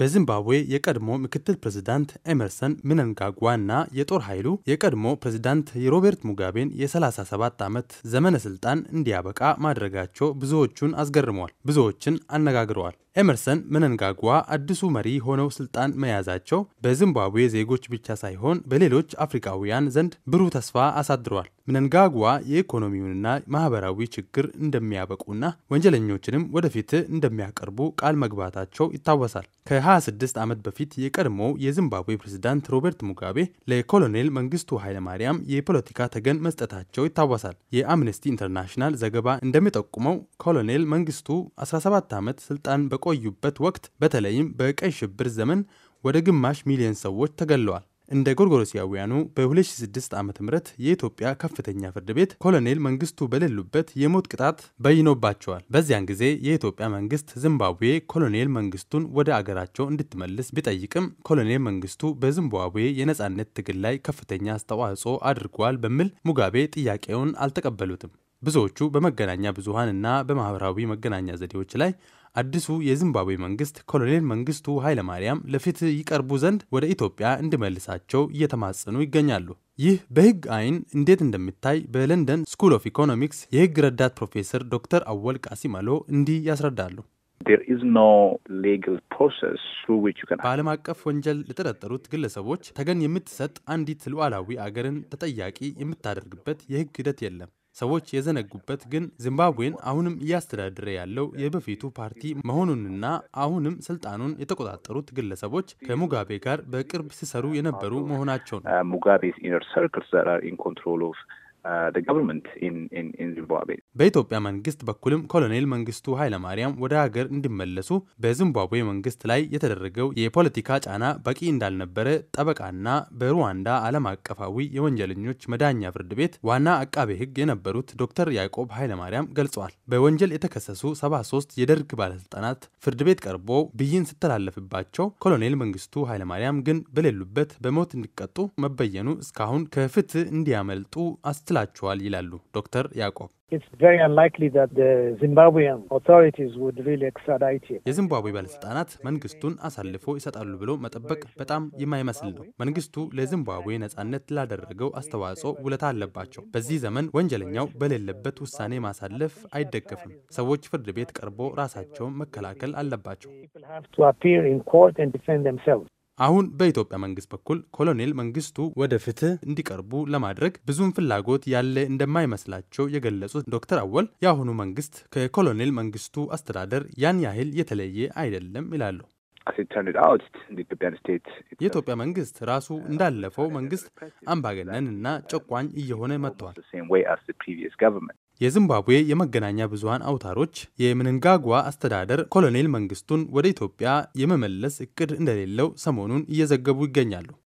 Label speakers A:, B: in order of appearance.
A: በዚምባብዌ የቀድሞ ምክትል ፕሬዝዳንት ኤመርሰን ምነንጋጓ እና የጦር ኃይሉ የቀድሞ ፕሬዝዳንት የሮቤርት ሙጋቤን የ37 ዓመት ዘመነ ስልጣን እንዲያበቃ ማድረጋቸው ብዙዎቹን አስገርመዋል፣ ብዙዎችን አነጋግረዋል። ኤመርሰን ምነንጋጓ አዲሱ መሪ ሆነው ስልጣን መያዛቸው በዚምባብዌ ዜጎች ብቻ ሳይሆን በሌሎች አፍሪካውያን ዘንድ ብሩህ ተስፋ አሳድረዋል። ምነንጋጓ የኢኮኖሚውንና ማህበራዊ ችግር እንደሚያበቁና ወንጀለኞችንም ወደፊት እንደሚያቀርቡ ቃል መግባታቸው ይታወሳል። ከ26 ዓመት በፊት የቀድሞው የዚምባብዌ ፕሬዝዳንት ሮበርት ሙጋቤ ለኮሎኔል መንግስቱ ኃይለማርያም የፖለቲካ ተገን መስጠታቸው ይታወሳል። የአምነስቲ ኢንተርናሽናል ዘገባ እንደሚጠቁመው ኮሎኔል መንግስቱ 17 ዓመት ስልጣን በቆዩበት ወቅት በተለይም በቀይ ሽብር ዘመን ወደ ግማሽ ሚሊዮን ሰዎች ተገለዋል። እንደ ጎርጎሮሲያውያኑ በ2006 ዓ ም የኢትዮጵያ ከፍተኛ ፍርድ ቤት ኮሎኔል መንግስቱ በሌሉበት የሞት ቅጣት በይኖባቸዋል። በዚያን ጊዜ የኢትዮጵያ መንግስት ዚምባብዌ ኮሎኔል መንግስቱን ወደ አገራቸው እንድትመልስ ቢጠይቅም ኮሎኔል መንግስቱ በዚምባብዌ የነፃነት ትግል ላይ ከፍተኛ አስተዋጽኦ አድርጓል በሚል ሙጋቤ ጥያቄውን አልተቀበሉትም። ብዙዎቹ በመገናኛ እና በማህበራዊ መገናኛ ዘዴዎች ላይ አዲሱ የዚምባብዌ መንግስት ኮሎኔል መንግስቱ ኃይለማርያም ለፍትህ ይቀርቡ ዘንድ ወደ ኢትዮጵያ እንዲመልሳቸው እየተማጸኑ ይገኛሉ። ይህ በህግ አይን እንዴት እንደሚታይ በለንደን ስኩል ኦፍ ኢኮኖሚክስ የህግ ረዳት ፕሮፌሰር ዶክተር አወል ቃሲም አሎ እንዲህ ያስረዳሉ። በዓለም አቀፍ ወንጀል ለተጠረጠሩት ግለሰቦች ተገን የምትሰጥ አንዲት ሉዓላዊ አገርን ተጠያቂ የምታደርግበት የህግ ሂደት የለም። ሰዎች የዘነጉበት ግን ዚምባብዌን አሁንም እያስተዳደረ ያለው የበፊቱ ፓርቲ መሆኑንና አሁንም ስልጣኑን የተቆጣጠሩት ግለሰቦች ከሙጋቤ ጋር በቅርብ ሲሰሩ የነበሩ መሆናቸው ነው። uh, Uh, በኢትዮጵያ መንግስት በኩልም ኮሎኔል መንግስቱ ኃይለማርያም ወደ ሀገር እንዲመለሱ በዚምባብዌ መንግስት ላይ የተደረገው የፖለቲካ ጫና በቂ እንዳልነበረ ጠበቃና በሩዋንዳ ዓለም አቀፋዊ የወንጀለኞች መዳኛ ፍርድ ቤት ዋና አቃቤ ሕግ የነበሩት ዶክተር ያዕቆብ ኃይለማርያም ገልጸዋል። በወንጀል የተከሰሱ 73 የደርግ ባለስልጣናት ፍርድ ቤት ቀርቦ ብይን ሲተላለፍባቸው ኮሎኔል መንግስቱ ኃይለማርያም ግን በሌሉበት በሞት እንዲቀጡ መበየኑ እስካሁን ከፍትህ እንዲያመልጡ አስ ያስከትላቸዋል ይላሉ ዶክተር ያዕቆብ። የዚምባብዌ ባለስልጣናት መንግስቱን አሳልፎ ይሰጣሉ ብሎ መጠበቅ በጣም የማይመስል ነው። መንግስቱ ለዚምባብዌ ነጻነት ላደረገው አስተዋጽኦ ውለታ አለባቸው። በዚህ ዘመን ወንጀለኛው በሌለበት ውሳኔ ማሳለፍ አይደገፍም። ሰዎች ፍርድ ቤት ቀርቦ ራሳቸውን መከላከል አለባቸው። አሁን በኢትዮጵያ መንግስት በኩል ኮሎኔል መንግስቱ ወደ ፍትህ እንዲቀርቡ ለማድረግ ብዙም ፍላጎት ያለ እንደማይመስላቸው የገለጹት ዶክተር አወል የአሁኑ መንግስት ከኮሎኔል መንግስቱ አስተዳደር ያን ያህል የተለየ አይደለም ይላሉ። የኢትዮጵያ መንግስት ራሱ እንዳለፈው መንግስት አምባገነን እና ጨቋኝ እየሆነ መጥተዋል። የዚምባብዌ የመገናኛ ብዙሀን አውታሮች የምንንጋጓ አስተዳደር ኮሎኔል መንግስቱን ወደ ኢትዮጵያ የመመለስ እቅድ እንደሌለው ሰሞኑን እየዘገቡ ይገኛሉ።